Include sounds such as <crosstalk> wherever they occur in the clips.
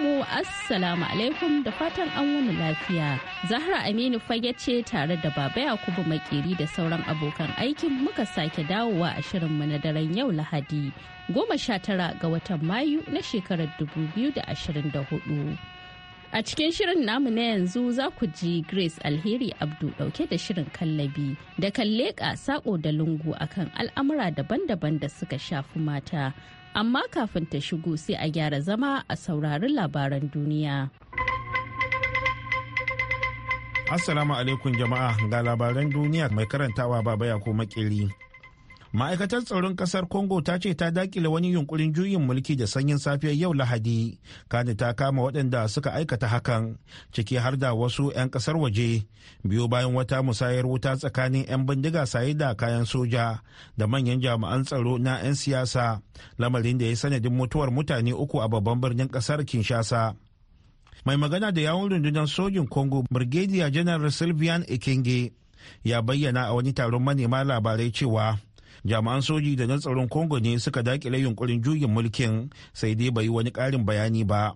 mu assalamu alaikum da fatan an wani lafiya. Zahra Aminu fage ce tare da Baba Yakubu Makeri da sauran abokan aikin muka sake dawowa a shirinmu na daren yau Lahadi. Goma sha tara ga watan Mayu na shekarar dubu biyu da ashirin da hudu. A cikin shirin namu na yanzu za ku ji Grace Alheri Abdu dauke da shirin kallabi da kan leƙa sako da lungu akan al'amura daban-daban da suka shafi mata. amma kafin ta shigo sai a gyara zama a saurari labaran duniya. Assalamu alaikum jama'a ga labaran duniya mai karantawa baba ya ko makili. ma'aikatar tsaron kasar congo ta ce ta dakile wani yunkurin juyin mulki da sanyin safiyar yau lahadi kani ta kama waɗanda suka aikata hakan ciki har da wasu 'yan kasar waje biyu bayan wata musayar wuta tsakanin 'yan bindiga saye da kayan soja da manyan jami'an tsaro na 'yan siyasa lamarin da ya sanadin mutuwar mutane uku a babban birnin kasar kinshasa mai magana da yawon rundunar sojin congo brigadier general sylvian ekenge ya bayyana a wani taron manema labarai cewa jami'an soji da na tsaron congo ne suka dakile yunkurin juyin mulkin sai dai bai wani karin bayani ba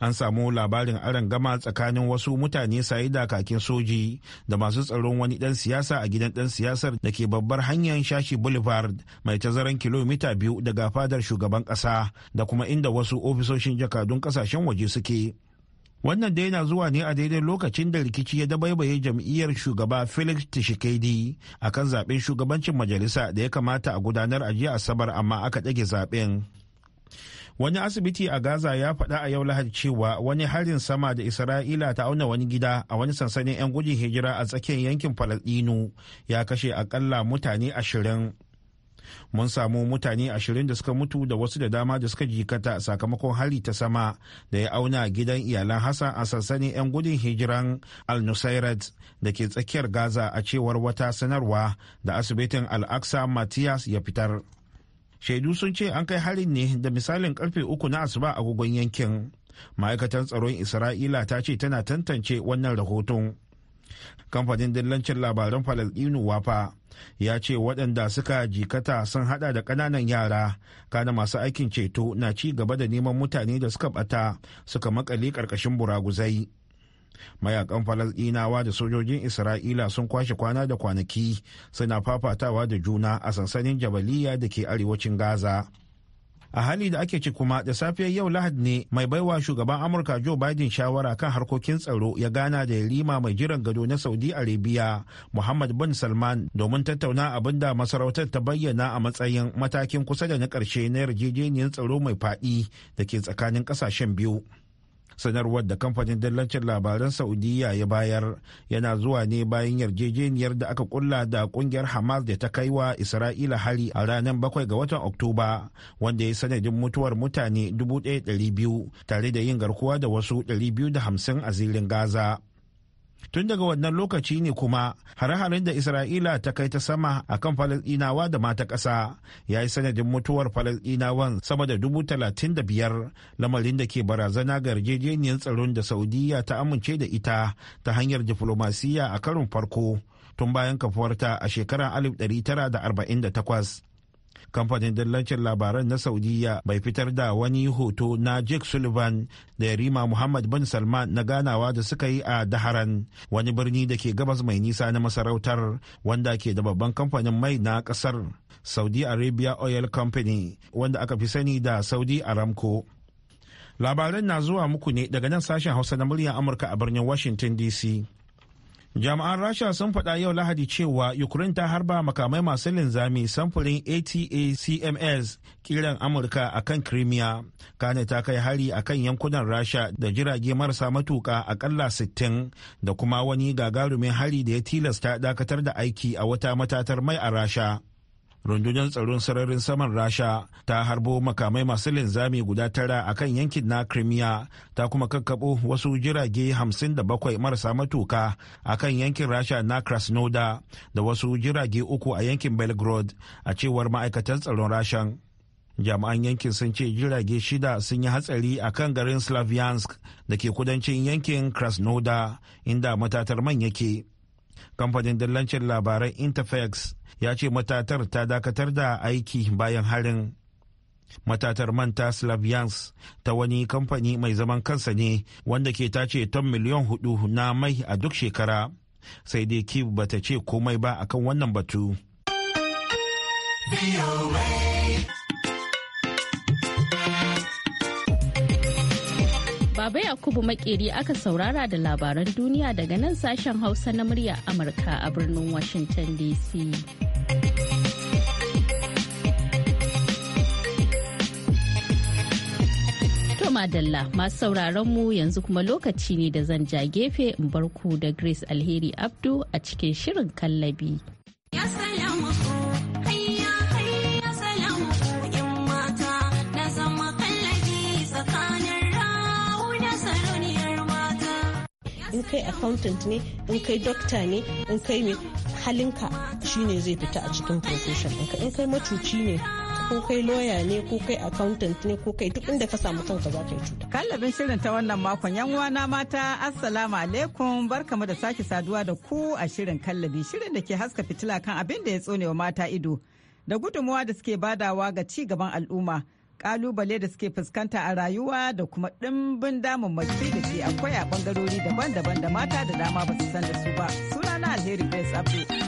an samu labarin aron gama tsakanin wasu mutane saye da kakin soji da masu tsaron wani dan siyasa a gidan dan siyasar da ke babbar hanyar shashi boulevard mai tazaran kilomita biyu daga fadar shugaban kasa da kuma inda wasu ofisoshin jakadun kasashen waje suke wannan dai na zuwa ne a daidai lokacin da rikici ya dabaibaye jam'iyyar shugaba felix tshisekedi a kan zaɓen shugabancin majalisa da ya kamata a gudanar a jiya asabar amma aka ɗage zaɓen. wani asibiti a gaza ya faɗa a yau lahadi cewa wani harin sama da isra'ila ta auna wani gida a wani sansanin 'yan gudun hijira a tsakiyar yankin falasɗinu ya kashe akalla mutane ashirin mun samu mutane ashirin da suka mutu da wasu da dama da suka jikata sakamakon hali ta sama da ya auna gidan iyalan hassan a sansanin 'yan gudun hijiran al-nusairat da ke tsakiyar gaza a cewar wata sanarwa da asibitin al-aqsa matthias ya fitar shaidu sun ce an kai harin ne da misalin karfe uku na asuba a agogon yankin ma'aikatan tsaron isra'ila ta ce tana tantance wannan rahoton kamfanin dillancin labaran falasdinu wafa ya ce waɗanda suka jikata sun hada da ƙananan yara kana masu aikin ceto na ci gaba da neman mutane da suka ɓata suka makale ƙarƙashin buraguzai mayakan falasɗinawa da sojojin isra'ila sun kwashe kwana da kwanaki suna fafatawa da juna a sansanin jabaliya da ke arewacin gaza a hali da ake ci kuma da safiyar yau lahadi ne mai baiwa shugaban amurka joe biden shawara kan harkokin tsaro ya gana da yarima mai jiran gado na saudi arabia muhammad bin salman domin tattauna abin da masarautar ta bayyana a matsayin matakin kusa da na karshe na yarjejeniyar tsaro mai faɗi da ke tsakanin ƙasashen biyu sanarwar da kamfanin dillancin labaran saudiya ya bayar yana zuwa ne bayan yarjejeniyar da aka kulla da kungiyar hamas da ta kai wa isra'ila hari a ranar 7 ga watan oktoba wanda ya sanadin mutuwar mutane 1,200 tare da yin garkuwa da wasu 250 a zirin gaza tun daga wannan lokaci ne kuma hare-haren da isra'ila ta kai ta sama a kan falasɗinawa da mata ƙasa ya yi sanadin mutuwar falasɗinawan sama da dubu talatin da biyar lamarin da ke barazana ga yarjejeniyar tsaron da saudiya ta amince da ita ta hanyar diflomasiyya a karin farko tun bayan kafuwarta a shekarar 1948 kamfanin dillancin labaran na saudiya bai fitar da wani hoto na jake sullivan da yarima muhammad bin salman na ganawa da suka yi a daharan wani birni da ke gabas mai nisa na masarautar wanda ke da babban kamfanin mai na kasar saudi arabia oil company wanda aka fi sani da saudi aramco labaran na zuwa muku ne daga nan sashen hausa na muryar amurka a birnin washington dc jami'an rasha sun faɗa yau lahadi cewa ukraine ta harba makamai masu linzami samfurin atacms kiran amurka a kan crimea kane ta kai hari a kan yankunan rasha da jirage marasa matuka akalla 60 da kuma wani gagarumin hari da ya tilasta dakatar da aiki a wata matatar mai a rasha rundunar tsaron sararin saman rasha ta harbo makamai masu linzami guda tara a kan yankin na crimea ta kuma kakkaɓo wasu jirage 57 marasa matuka a kan yankin rasha na krasnoda da wasu jirage uku a yankin belgrade a cewar ma'aikatan tsaron rashan jami'an yankin sun ce jirage shida sun yi hatsari a kan garin slaviansk da ke kudancin yankin krasnoda inda matatar man yake kamfanin dillancin labaran interfax ya ce matatar ta dakatar da aiki bayan harin matatar manta slavians ta wani kamfani mai zaman kansa ne wanda ke tace ton miliyan hudu na mai a duk shekara sai dai kiev bata ce komai ba akan wannan batu Baba Yakubu Makeri aka saurara da labaran duniya daga nan sashen Hausa na murya Amurka a birnin Washington DC. madalla masu sauraron mu yanzu kuma lokaci ne da zan ja gefe in barku da Grace Alheri Abdu a cikin shirin kallabi. in kai accountant ne in kai dokta ne in kai ne halinka shine zai fita a cikin profession in kai macuci ne ko kai lawyer ne ko kai accountant ne ko kai duk inda ka samu kanka za ka yi cuta. Kallabin shirin ta wannan makon yan uwana mata assalamu alaikum barkamu da sake saduwa da ku a shirin kallabi shirin da ke haska fitila kan abin da ya tsone wa mata ido da gudunmuwa da suke badawa ga ci gaban al'umma kalubale da suke fuskanta a rayuwa da kuma ɗimbin mace da ke akwai a bangarori daban-daban da mata da dama ba su san da su ba sunana alheri grace abdul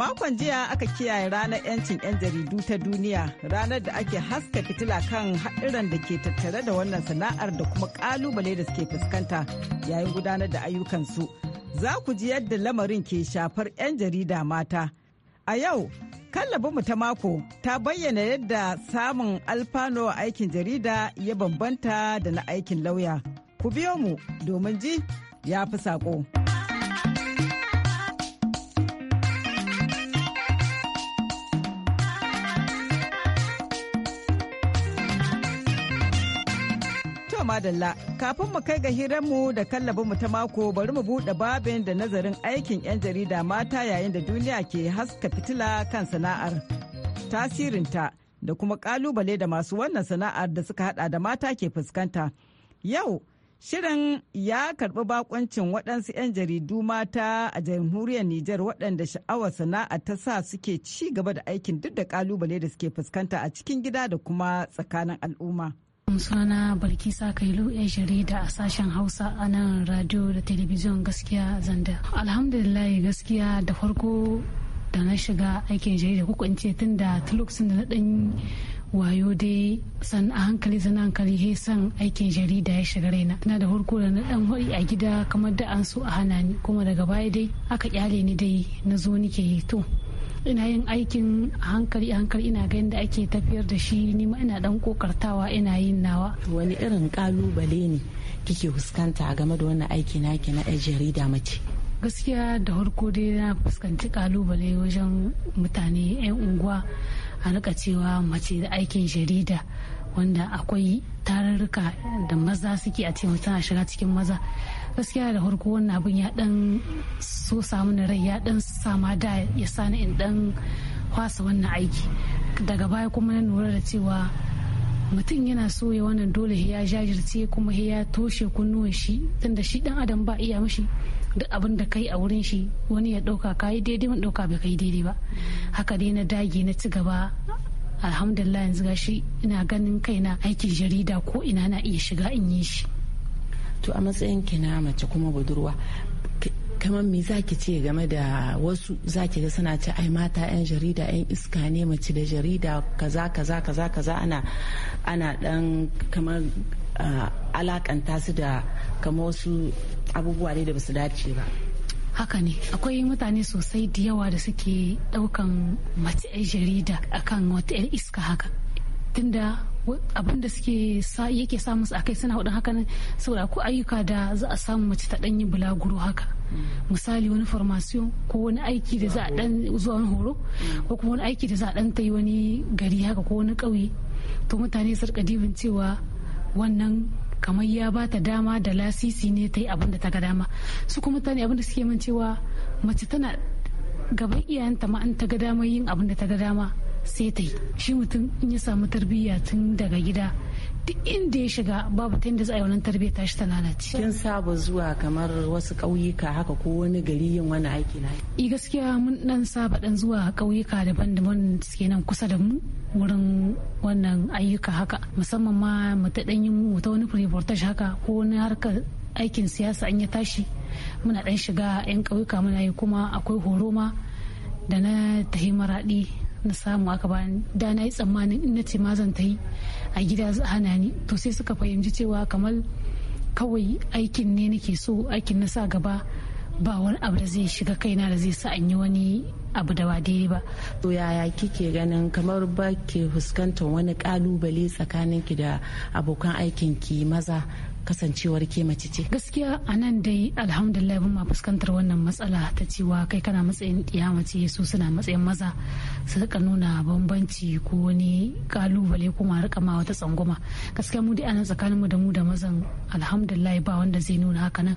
Makon jiya aka kiyaye ranar 'yancin 'yan jaridu ta duniya ranar da ake haska fitila kan haɗiran da ke tattare da wannan sana'ar da kuma ƙalubale da suke fuskanta yayin gudanar da ayyukansu. Za ku ji yadda lamarin ke shafar 'yan jarida mata. A yau, mu ta mako ta bayyana yadda samun alfano a aikin jarida ya bambanta da na aikin lauya. Ku biyo mu domin ji ya fi saƙo. To madalla kafin mu kai ga hiranmu da mu ta mako bari mu buɗe babin da nazarin aikin 'yan jarida mata yayin da duniya ke haska fitila kan sana'ar tasirinta da kuma kalubale da masu wannan sana'ar da suka hada da mata ke fuskanta. Yau shirin ya karɓi bakoncin waɗansu 'yan jaridu mata a jamhuriyar Nijar waɗanda sha'awar sana'a ta sa suke ci gaba da aikin duk da kalubale da suke fuskanta a cikin gida da kuma tsakanin al'umma. sunana Balkisa Kailu ya jarida a sashen Hausa a nan radio da telebijin gaskiya zanda. Alhamdulillah gaskiya da farko da na shiga aikin jarida kuka in ce tun da lokacin na dan wayo dai san a hankali san hankali he san aikin jarida ya shiga raina na da farko da na dan hori a gida kamar da an so a hana ni kuma daga baya dai aka kyale ni dai na zo nike yi to ina yin aikin hankali hankali ina ga da ake tafiyar da shi ni ma ina dan kokartawa ina yin nawa wani irin kalubale ne kike fuskanta game da wannan aiki naki na jarida mace gaskiya da harko dai na fuskanci kalubale wajen mutane 'yan unguwa a cewa mace da aikin jarida wanda akwai tarurruka da maza suke a ce tana shiga cikin maza gaskiya da farko wannan abin ya dan so samu na rai ya dan sama da ya sani in dan kwasa wannan aiki daga baya kuma na nura da cewa mutum yana so ya wannan dole ya jajirce kuma ya toshe kunnuwan shi tunda shi dan adam ba iya mishi duk abin da kai a wurin shi wani ya dauka kayi daidai wani dauka bai kai daidai ba haka dai na dage na ci gaba alhamdulillah yanzu gashi ina ganin kaina aikin jarida ko ina na iya shiga in yi shi to a matsayin ki na mace kuma budurwa kamar me za ki ce game da wasu za ki ga suna ci ai mata 'yan jarida 'yan iska ne mace da jarida kaza kaza kaza kaza ana ana dan kamar ah, alakanta su da kamar wasu abubuwa ne da basu dace ba haka ne akwai mutane sosai da yawa da suke daukan mace 'yan jarida akan wata yar iska haka tunda abin da suke yake sa musu akai suna hudun haka saboda ko ayyuka da za a samu mace ta danyi bulaguro haka misali wani formation ko wani aiki da za a dan zuwa wani horo ko kuma wani aiki da za a dan ta wani gari haka ko wani kauye to mutane su rika dibin cewa wannan kamar ya ba ta dama da lasisi ne ta yi abin da ta ga dama su kuma mutane abin da suke min cewa mace tana gaban iyayenta ma an ta ga dama yin abin da ta ga dama sai ta yi shi mutum in ya samu tarbiyya tun daga gida duk inda ya shiga babu ta inda za a yi wannan tarbiyyar tashi ta lalace. Kin saba zuwa kamar wasu ƙauyuka haka ko wani gari yin wani aiki na? I eh, gaskiya mun dan saba dan zuwa ƙauyuka daban-daban suke nan kusa da mu wurin wannan ayyuka haka musamman ma mu ta dan yi mu ta wani reportage haka ko wani harkar aikin siyasa an ya tashi muna dan shiga 'yan ƙauyuka muna yi kuma akwai horo ma da na tahi maraɗi na samu aka bani da na yi tsammanin in na ce ma zan ta yi a gida hana ni to sai suka fahimci cewa kamar kawai aikin ne nake so aikin na sa gaba ba wani abu da zai shiga kaina da zai sa an yi wani abu da ba ba. To yaya kike ganin kamar ba ke fuskantar wani kalubale ki da abokan aikin ki maza kasancewar ke mace ce gaskiya a nan dai alhamdulillah mun ma fuskantar wannan matsala ta cewa kai kana matsayin ɗiya mace su suna matsayin maza su rika nuna bambanci ko wani kalubale kuma rika ma wata tsangwama gaskiya mu dai ana tsakanin mu da mu da mazan alhamdulillah ba wanda zai nuna haka nan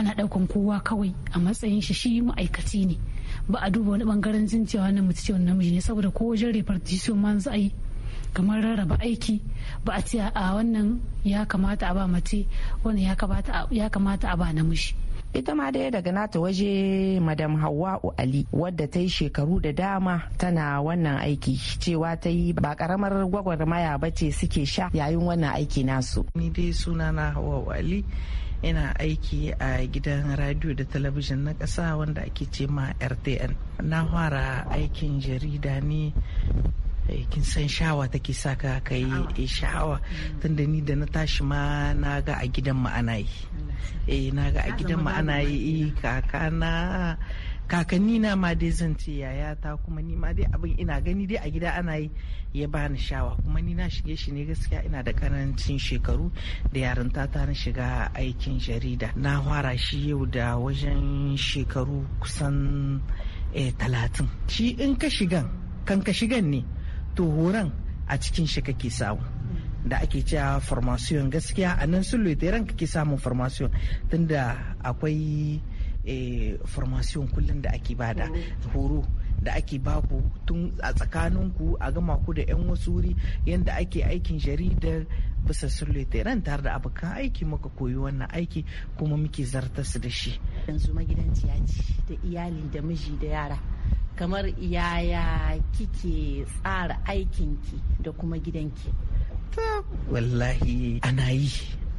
ana ɗaukan kowa kawai a matsayin shi shi ma'aikaci ne ba a duba wani bangaren jin cewa wannan mace ce wannan ne saboda ko wajen repartition ma za a yi kamar rarraba aiki ba a ce a wannan ya kamata a ba mace wannan ya kamata a ba namiji ita ma daya daga nata waje madam hawa'u ali wadda ta yi shekaru da dama tana wannan aiki cewa ta yi ba karamar gwagwarmaya ba ce suke sha yayin wannan aiki nasu ni dai suna na hawa'u ali ina aiki a gidan radio da talabijin na ƙasa wanda ake ce ma rtn na fara aikin jarida ne Eh, kin san sha'awa take sa ka ka yi sha'awa eh, mm. tunda ni da na tashi ma na ga a gidan mu ana yi eh na ga a gidan mu ana yi kakanni na ma dai zan ce yaya ta kuma ni ma dai abin ina gani dai a gida ana yi ya bani shawa kuma ni na shige shi ne gaskiya ina da karancin shekaru da ta ta na shiga aikin jarida na fara shi yau da wajen shekaru kusan eh, talatin shi in ka shigan kan ka shigan ne to a cikin shi kake samu da ake cewa formation gaskiya a nan sun ran kake samun formation tunda akwai eh, formation kullum da ake bada horo da ake baku tun a tsakaninku a gama ku da 'yan wasu wuri yadda ake aikin jaridar bisa suliteren tare da abokan aiki muka koyi wannan aiki kuma muke su da shi yanzu ya ce da iyali da miji da yara kamar yaya kike tsara aikinki da kuma gidanki ta wallahi ana yi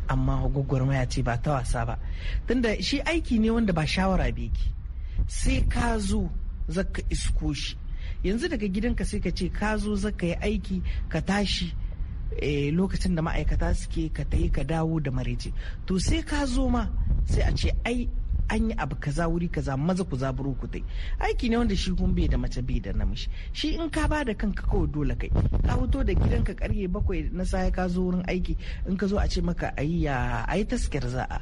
amma gwagwarmaya ce ba ta wasa ba tunda shi aiki ne wanda ba shawara beki sai ka zo zaka isko shi yanzu daga gidanka sai ka ce ka zo zaka yi aiki ka tashi eh, lokacin da ma'aikata suke ka tayi ka dawo da mareje to sai ka zo ma sai a ce ai an yi abu kaza wuri kaza maza ku zaburo ku dai aiki ne wanda shi kun bai da mace bai da namiji shi in ka ba da kanka kawai dole kai ka fito da gidanka karye bakwai na saya ka zo wurin aiki in ka zo a ce maka ayi ya ayi taskar za a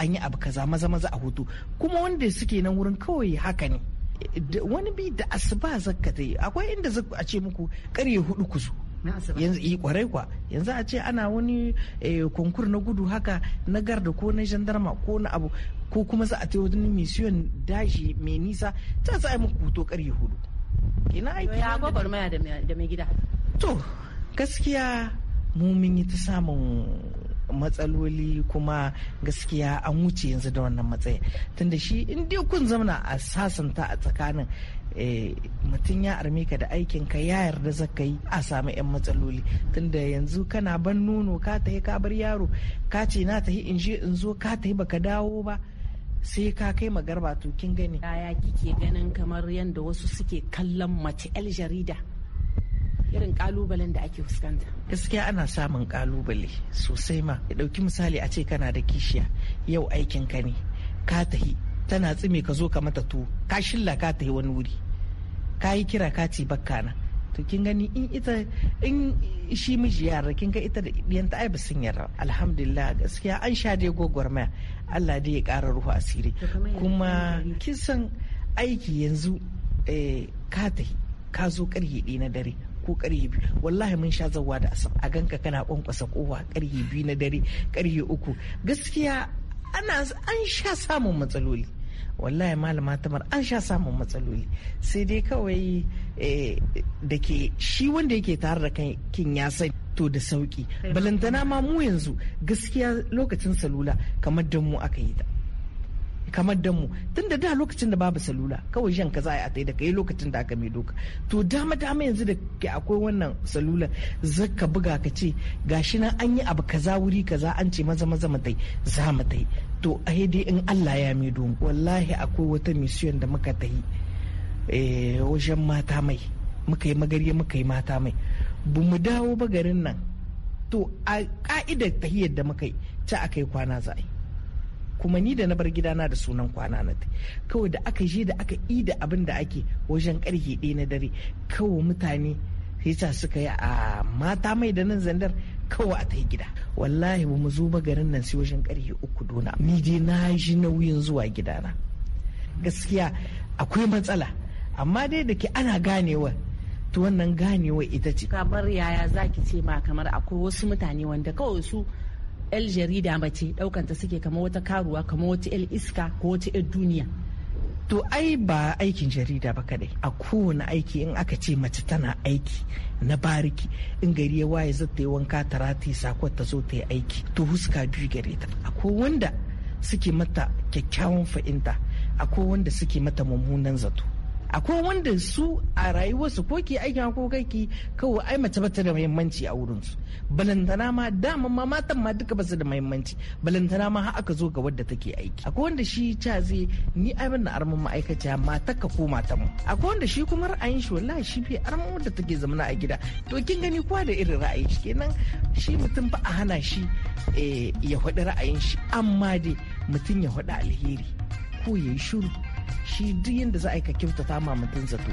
an yi abu kaza maza maza a hutu kuma wanda suke nan wurin kawai haka ne wani bi da asuba zakka ta yi akwai inda a ce muku karye hudu ku zo yanzu yi eh, kwarai kwa yanzu a ce ana wani eh, konkur na gudu haka na garda ko na jandarma ko na abu ko kuma za a ta wani misiyon dashi mai nisa ta za a yi muku hoto karye hudu ina aiki ya maya da mai gida to gaskiya mu mun yi ta samun matsaloli kuma gaskiya an wuce yanzu da wannan matsayin tunda shi in dai kun zamana a sasanta a tsakanin eh, mutum ya arme ka da aikin ka ya yarda zaka yi a samu yan matsaloli tunda yanzu kana ban nono ka tafi ka bar yaro ka ce na yi in je in zo ka yi baka dawo ba sai ka kai magarba to kin gani yaya kike ganin kamar yadda wasu suke kallon mace 'yan jarida irin kalubalen da ake fuskanta gaskiya ana samun kalubale sosai ma ya dauki misali a ce kana da kishiya yau aikin ka ne ka tahi tana tsime ka zo ka mata tuwo ka shilla ka tahi wani wuri ka yi kira ka ci bakka na to kin gani in ita in shi miji yara kin ga ita da ɗiyanta ai sun yarda alhamdulillah gaskiya an sha dai gwagwarmaya Allah dai ya ƙara ruhu asiri kuma kin san aiki yanzu eh, ka tahi ka zo karhe ɗi na dare ko karye biyu wallahi mun sha zawa da asar a ganka kana kwankwasa kowa karye biyu na dare karye uku gaskiya ana an sha samun matsaloli wallahi malama tamar an sha samun matsaloli sai dai kawai eh, da ke shi wanda yake tare da kin ya sani to da sauki balantana ma mu yanzu gaskiya lokacin salula kamar da mu aka yi ta kamar da mu tun da lokacin da babu salula kawai shan kaza a tai da kai lokacin da aka mai doka to dama dama yanzu da ke akwai wannan salula zaka buga ka ce gashi nan an yi abu kaza wuri kaza an ce maza maza mu tai za mu tai to a dai in Allah ya mai don wallahi akwai wata mission da muka tai eh, wajen mata mai muka yi magariya muka yi mata mai bu mu dawo ba garin nan to a ka'idar tahiyar da muka yi ta akai kwana zai kuma ni da na bar gidana da sunan kwana na kawai da aka je da aka yi da abin da ake wajen karfe ɗaya na dare kawai mutane sai suka yi a ah, mata mai da nan zandar kawai a ta yi gida wallahi ba mu zo ba garin nan sai wajen karfe uku dona ni dai na ji nauyin zuwa gidana gaskiya akwai matsala amma dai da ke ana ganewa ta wannan ganewa ita ce kamar yaya zaki ce ma kamar akwai wasu mutane wanda kawai su 'yan jarida mace ɗaukanta suke kama wata karuwa kama wata 'yan iska ko wata 'yan duniya to ai ba aikin jarida ba kadai a kowane aiki in aka ce mace tana aiki na bariki in gari ya waye ta yi wanka ta rataye sakon ta zo ta yi aiki to huska biyu gare ta akwai wanda suke mata kyakkyawan fa'inta akwai wanda suke mata mummunan zato akwai wanda su a rayuwarsu ko ke aikin ko kai ke kawai ai mace bata da muhimmanci a wurin su balantana ma dama ma matan ma duka basu da muhimmanci balantana ma har aka zo ga wadda take aiki akwai wanda shi ca zai ni ai ban da arman ma'aikata matar ka ko matan mu akwai wanda shi kuma ra'ayin shi wallahi shi bai arman wadda take zamana a gida to kin gani kowa da irin ra'ayi shi kenan shi mutum ba a hana shi eh, ya faɗi ra'ayin shi amma dai mutum ya faɗi alheri ko ya shiru. shi duk yadda za a yi ka kyautata ma zato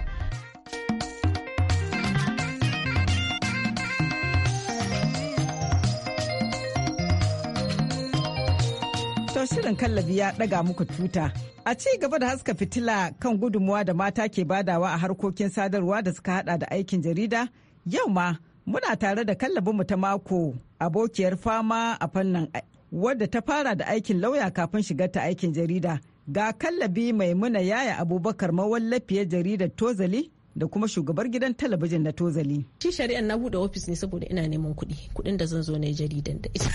To shirin kallabi ya ɗaga muku tuta. A ci gaba da haska fitila kan gudunmuwa da mata ke badawa a harkokin sadarwa da suka hada da aikin jarida, yau ma muna tare da kallabinmu ta mako abokiyar fama a fannin wadda ta fara da aikin lauya kafin shigar ta aikin jarida. Ga kallabi maimuna yaya Abubakar mawallafiyar jaridar Tozali da kuma shugabar gidan talabijin na tozali. Shi shari'an na bude ofis ne saboda ina neman kuɗi kuɗin da zan zo na jaridan da ita.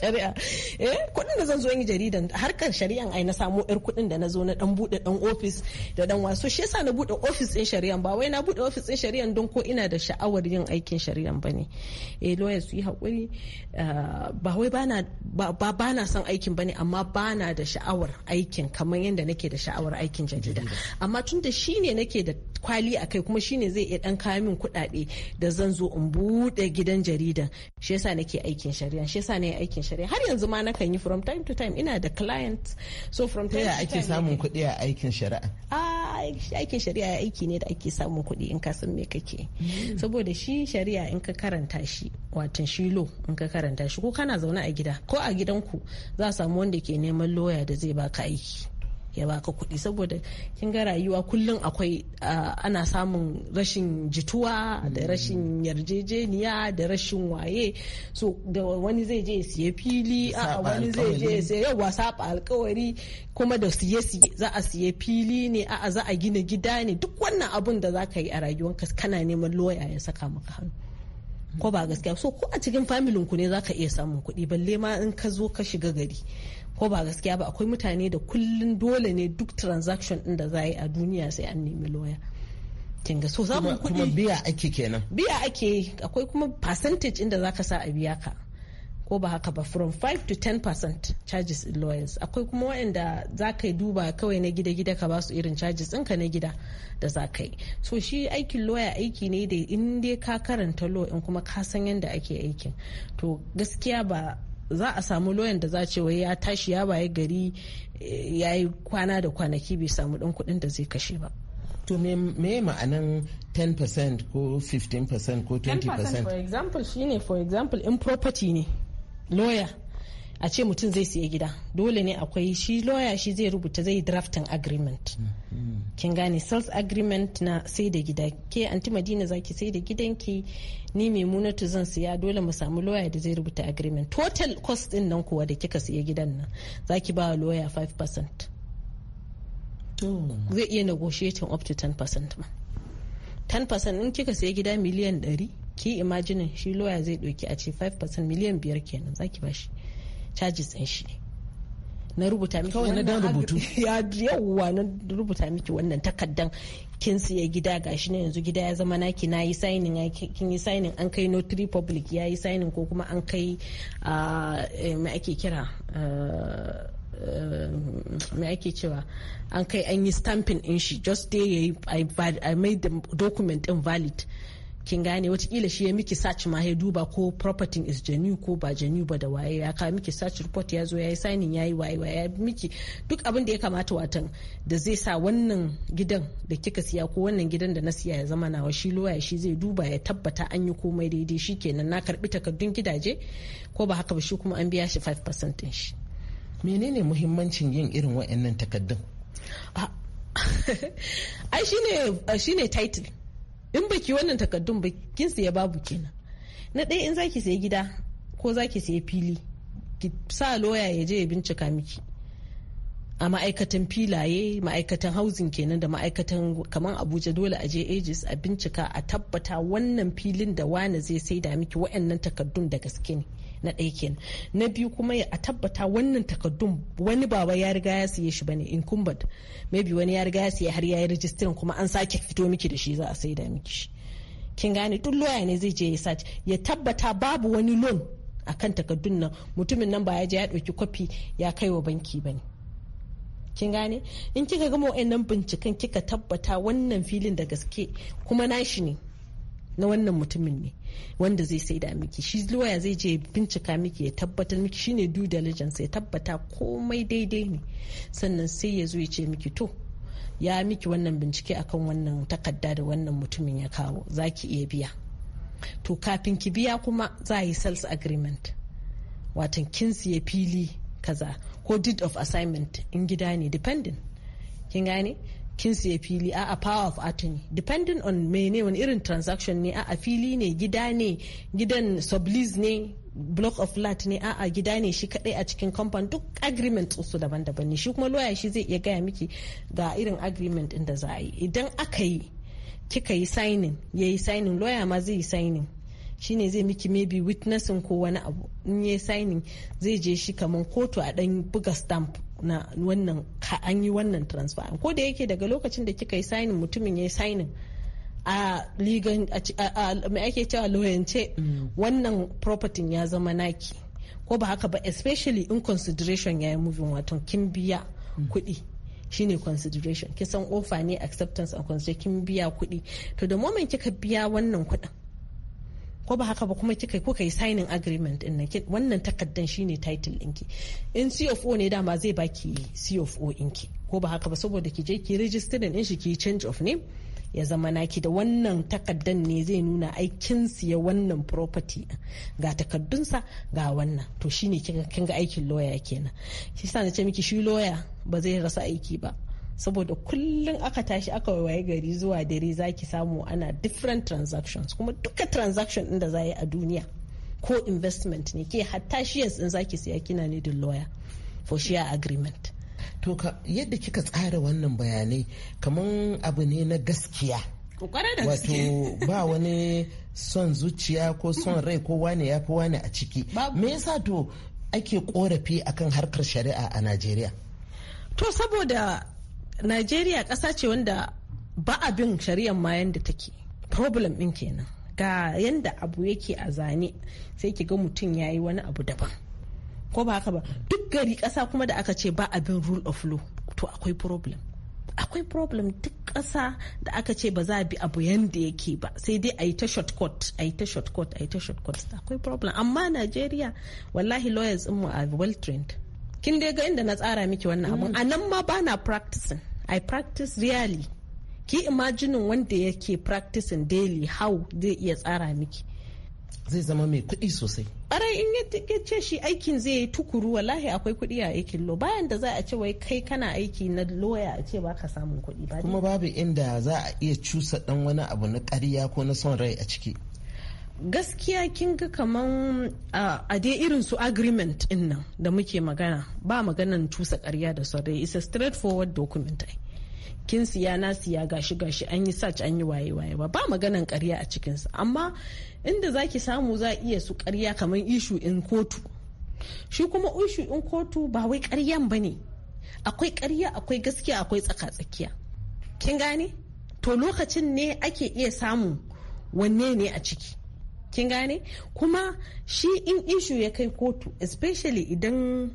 Shari'a. <laughs> Eh kudin da zan zo yi jaridan harkar shari'an ai na samu yar kuɗin da na zo na dan buɗe dan ofis da dan wasu shi yasa na buɗe ofis din shari'an ba wai na buɗe ofis ɗin shari'an don ko ina da sha'awar yin aikin shari'an ba ne eh lawyer su yi hakuri ah, ba wai bana ba bana son aikin bane amma bana da sha'awar aikin kamar yadda nake da sha'awar aikin jarida amma tun da shine nake da kwali a kai kuma shine zai iya dan kawo min kuɗaɗe da zan zo in buɗe gidan jaridan shi yasa nake aikin shari'a shi yasa ne aikin shari'a har yanzu ma nakan yi from time to time ina da clients so from time to time ake samun kuɗi a aikin shari'a aikin shari'a aiki ne da ake samun kuɗi in ka san me kake hmm. saboda shi shari'a in ka karanta shi watan shi lo in ka karanta shi ko kana zaune a gida ko a gidanku za a samu wanda ke neman loya da zai baka aiki ya baka kuɗi saboda kin ga rayuwa kullum akwai ana samun rashin jituwa da mm. rashin yarjejeniya da rashin waye so da wani zai je siya fili a wani zai je siya yawa saba alkawari kuma da siye siye za a siya fili ne a za a gina gida ne duk wannan abun da za ka yi a ka kana neman loya ya saka maka hannu ko ba gaskiya so ko a cikin familin ku ne za ka iya samun kuɗi balle ma in ka zo ka shiga gari ko ba gaskiya ba akwai mutane da kullun dole ne duk transaction din da za yi a duniya sai an nemi lawyer kinga so kuɗi kuma biya ake kenan biya ake akwai kuma percentage inda zaka sa a biya ka ko ba haka ba from 5 to 10 percent charges in lawyers akwai kuma waɗanda za yi duba kawai na gida-gida ka basu irin charges ka na gida da za yi so shi aikin lawyer aiki ne da in dai ka karanta law in kuma ka san yadda ake aikin to gaskiya ba za a samu loyan da za a ce wai ya tashi ya baye gari eh, ya yi kwana da kwanaki bai samu ɗan kuɗin da zai kashe ba to me ma'anan 10% ko 15% ko 20% 10% for example shine for example in property ne lawyer a ce mutum zai siya gida dole ne akwai shi lawyer shi zai rubuta zai drafting agreement mm, mm. kin gane sales agreement na sai da gida ke anti madina zaki sai da gidanki ni mai munatu zan siya dole mu samu lawyer da zai rubuta agreement total cost din nan kuwa da kika siya gidan nan zaki ba lawyer 5% zai iya negotiating up to 10% ma 10% in kika siya gida miliyan 100 ki imaginin shi lawyer zai doki a ce 5% miliyan 5 kenan zaki bashi shi charges din shi na rubuta miki wannan rubutu <laughs> ya na rubuta miki wannan takaddan kin siya gida gashi na yanzu gida ya zama naki na yi signing kin yi signing an kai notary public ya yi signing ko kuma an kai ah, eh, me ake kira ah, eh, me ake cewa an kai an yi stamping in shi just dey yayi i made the document invalid valid kin gane watakila shi ya miki search ma ya duba ko property is genuine ko ba genuine ba da waye ya kawo miki search report ya zo ya yi signing ya yi waye miki duk abin da ya kamata watan da zai sa wannan gidan da kika siya ko wannan gidan da na siya ya zama nawa shi lawyer shi zai duba ya tabbata an yi komai daidai shi kenan na karbi takardun gidaje ko ba haka ba shi kuma an biya shi 5% din shi menene muhimmancin yin irin wa'annan takardun. Ah, <laughs> ai shine shine title in baki wannan takardun ba kin siya babu kenan na ɗaya in zaki siya gida ko zaki siya fili ki sa loya ya je ya bincika miki a ma'aikatan filaye ma'aikatan housing kenan da ma'aikatan kamar abuja dole a je ages a bincika a tabbata wannan filin da wane zai sai da miki wa'annan takardun da gaske ne na ɗaya kenan na biyu kuma a tabbata wannan takardun wani baba ya riga ya siye shi bane incumbent maybe wani ya riga ya siye har ya yi rijistirin kuma an sake fito miki da shi za a saida miki shi kin gane duk loya ne zai je ya sace ya tabbata babu wani loan a kan takardun nan mutumin nan ba ya je ya ɗauki kwafi ya kai wa banki bane kin gane in kika gama wa'annan binciken kika tabbata wannan filin da gaske kuma nashi ne na wannan mutumin ne wanda zai sai da miki shi lawyer zai je bincika miki ya tabbatar miki shine due diligence ya tabbata komai daidai ne sannan sai ya zo ya ce miki to ya miki wannan bincike akan wannan takarda da wannan mutumin ya kawo zaki iya biya to kafin ki biya kuma za a yi sales agreement watan kin siya fili kaza ko deed of assignment in gida ne depending kin gane kin siya fili a a power of attorney depending on mene wani irin transaction ne a fili ne gida ne gidan sublease ne block of flat ne a a gida ne shi kadai a cikin company duk agreement su daban-daban ne shi kuma lawyer shi zai iya gaya miki ga irin agreement din da za a yi idan aka yi kika yi signing ya yi signing lawyer ma zai yi signing shi ne zai miki maybe witnessing ko wani abu in ya signing zai je shi kamar kotu a dan buga stamp na wannan an yi wannan transfer ko da yake daga lokacin da kika yi signing mutumin ya yi signing a ligan mai ake cewa loyance wannan property ya zama naki ko ba haka ba especially in consideration ya yi moving wato kin biya kuɗi shine consideration kisan ofa ne acceptance a consideration kin biya kuɗi to da moment kika biya wannan kuɗin ko ba haka ba kuma kika kuka yi signing agreement din nan wannan takaddan shine title ɗinki in CFO ne dama zai baki CFO ɗinki ko ba haka ba saboda ki je ki register din shi ki change of name ya zama naki da wannan takaddan ne zai nuna aikin siya wannan property ga takaddunsa ga wannan to shine kinga aikin lawyer kenan shi sa na ce miki shi lawyer ba zai rasa aiki ba saboda kullum aka tashi aka waye gari zuwa dare zaki samu ana different transactions kuma duka transaction ɗin da za yi a duniya ko investment ne ke hatta shares ɗin zaki siya kina ne da lawyer for share agreement to yadda kika tsara wannan bayanai kaman abu ne na gaskiya wato ba wani son zuciya ko son rai ko wane ya fi wane a ciki me yasa to ake korafi akan harkar shari'a a najeriya to saboda Najeriya ƙasa ce wanda ba bin shari'ar ma yanda take. Problem ɗin kenan. Ga yanda abu yake a zane sai ki ga mutum ya yi wani abu daban. Ko ba haka ba duk gari ƙasa kuma da aka ce ba bin rule of law to akwai problem. akwai problem duk ƙasa da aka ce ba za a bi abu yanda yake ba sai dai a yi ta shortcut a yi ta shortcut a yi ta shortcut akwai problem amma najeriya wallahi lawyers mu a well trained kin dai ga inda na tsara miki wannan abun mm. a nan ma bana practicing i practice really ki imaginin wanda yake practicing daily how zai iya tsara miki zai zama mai kuɗi sosai ɓarai in ya ce shi aikin zai yi tukuru wallahi akwai kuɗi a aikin lo bayan da za a ce wai kai kana aiki na loya a ce baka samun kuɗi ba kuma babu inda za a iya cusa dan wani abu na ƙarya ko na son rai a ciki gaskiya kin ga kaman a dai irin su agreement din nan da muke magana ba maganan tusa karya da sarai is a straightforward document kin siya na siya gashi gashi an yi search an yi waye waye ba ba maganan karya a cikin sa amma inda zaki samu za iya su karya kaman ishu in kotu shi kuma ishu in kotu ba wai karyan bane akwai karya akwai gaskiya akwai tsaka-tsakiya kin gane to lokacin ne ake iya samu wanne ne a ciki kin gane kuma shi in ishu ya kai kotu especially idan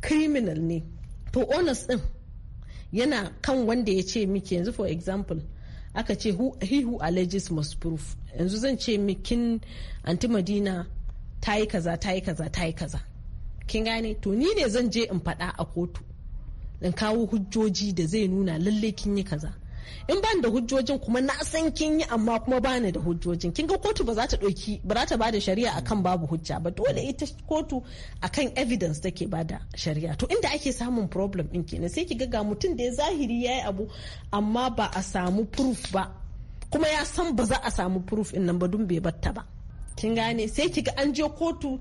criminal ne to onus din yana kan wanda ya ce miki yanzu for example aka ce he who alleges must prove yanzu zan ce mikin anti madina ta yi kaza ta yi kaza ta yi kaza kin gane to ni ne zan je in faɗa a kotu in kawo hujjoji da zai nuna lalle kin yi kaza in ban da hujjojin kuma na san kin yi amma kuma bani da hujjojin kin ga kotu ba za ta ɗauki ba za ta bada shari'a akan babu hujja ba dole ita kotu akan evidence take bada shari'a to inda ake samun problem din kenan sai ki ga mutum da ya zahiri yayi abu amma ba a samu proof ba kuma ya san ba za a samu proof in nan ba dun bai batta ba kin gane sai ki ga an je kotu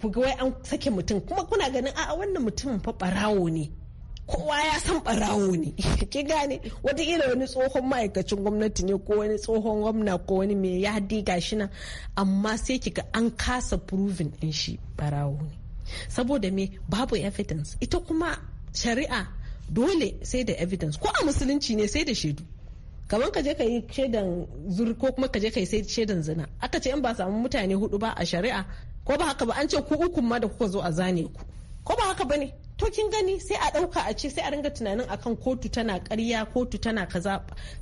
ku ga wai an sake mutum kuma kuna ganin a'a wannan mutumin fa barawo ne kowa ya san barawo ne <laughs> ki gane watakila wani tsohon ma'aikacin gwamnati ne ko wani tsohon gwamna ko wani mai ya diga shi nan amma sai kika an kasa proven din shi barawo ne saboda me babu evidence ita kuma shari'a dole sai da evidence ko a musulunci ne sai da shaidu kamar ka je ka yi shaidan zur ko kuma ka je ka yi sai shaidan zina aka ce in ba samu mutane hudu ba a shari'a ko ba haka ba an ce ku uku ma da kuka zo a zane ku ko ba haka ba ne to kin gani sai a ɗauka a ce sai a ringa tunanin akan kotu tana karya kotu tana kaza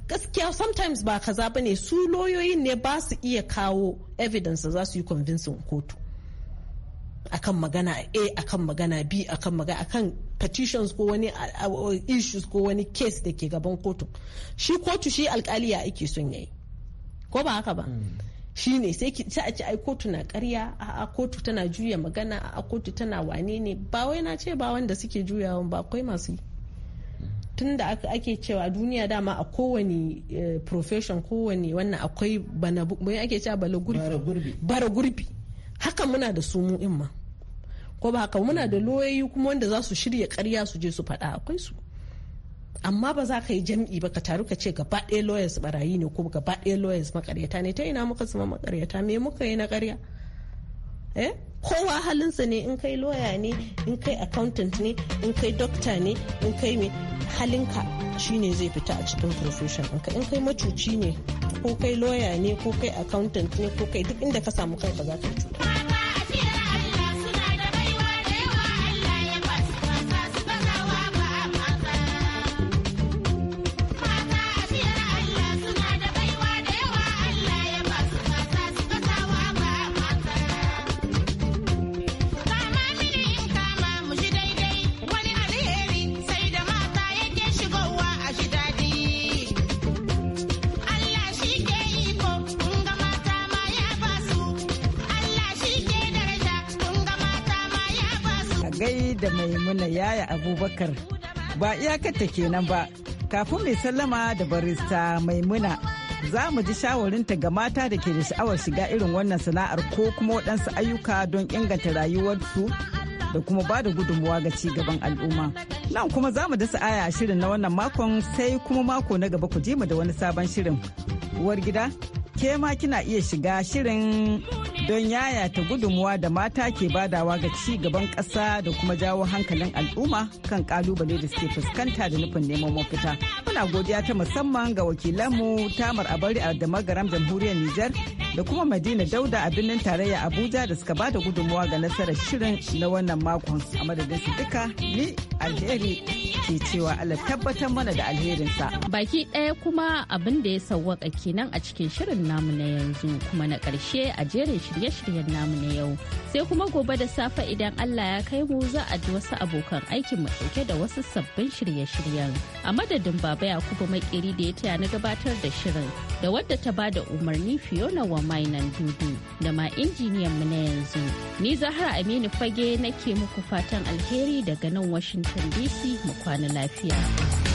gaskiya sometimes ba kaza ba ne su loyoyin ne ba su iya kawo evidence za su yi convincing kotu akan magana a akan magana b akan magana akan petitions ko wani issues ko wani case da ke gaban kotu shi kotu shi alkali ya ake son yayi ko ba haka ba hmm. shine sai a ci ai kotu na karya a kotu tana juya magana a kotu tana wane ne ba wai na ce ba wanda suke juyawan ba akwai masu yi tun ake cewa duniya dama a kowane eh, profession kowane wannan akwai bana ake cewa bara gurbi haka muna da su mu ko ba haka muna da loyoyi kuma wanda za su shirya karya su je su faɗa akwai su amma ba za ka yi jam'i ba ka taru ka ce gaba ɗaya lawyers barayi ne ko gaba ɗaya lawyers makaryata ne ta ina muka zama makaryata me muka yi na karya eh kowa halinsa ne in kai lawyer ne in kai accountant ne in kai doctor ne in kai me halinka shine zai fita a cikin profession ɗinka in kai macuci ne ko kai lawyer ne ko kai accountant ne ko kai duk inda ka samu kanka za ka cuta da maimuna yaya abubakar ba iyakata kenan ba kafin mai sallama da barista maimuna za mu ji shawarinta ga mata da ke da sha'awar shiga irin wannan sana'ar ko kuma waɗansu ayyuka don inganta rayuwarsu da kuma ba da gudunmuwa ga ci gaban al'umma. Nan kuma za mu dasa aya shirin na wannan makon sai kuma mako na gaba ku ji mu da wani sabon shirin. Uwar gida, ke ma kina iya shiga shirin don yayata gudunmuwa da mata ke badawa ga ci gaban ƙasa da kuma jawo hankalin al'umma kan kalubale da suke fuskanta da nufin neman mafita. Muna godiya ta musamman ga wakilanmu Tamar Abari a Damagaram Jamhuriyar Nijar da kuma Madina Dauda a birnin tarayya Abuja da suka bada gudunmawa ga nasarar shirin na wannan makon a madadin su duka ni alheri ke cewa Allah tabbatar mana da alherinsa. Baki ɗaya kuma abin da ya sawwaka kenan a cikin shirin namu na yanzu kuma na karshe a jerin shirye-shiryen namu na yau. Sai kuma gobe da safe idan Allah ya kai mu za a ji wasu abokan aikin mu ɗauke da wasu sabbin shirye-shiryen. A madadin Baba Yakubu Makeri da ya taya na gabatar da shirin da wadda ta ba da umarni Fiona mainan dudu da ma injiniyan mu na yanzu ni zahra aminu fage nake muku fatan alheri daga nan washington dc mu kwana lafiya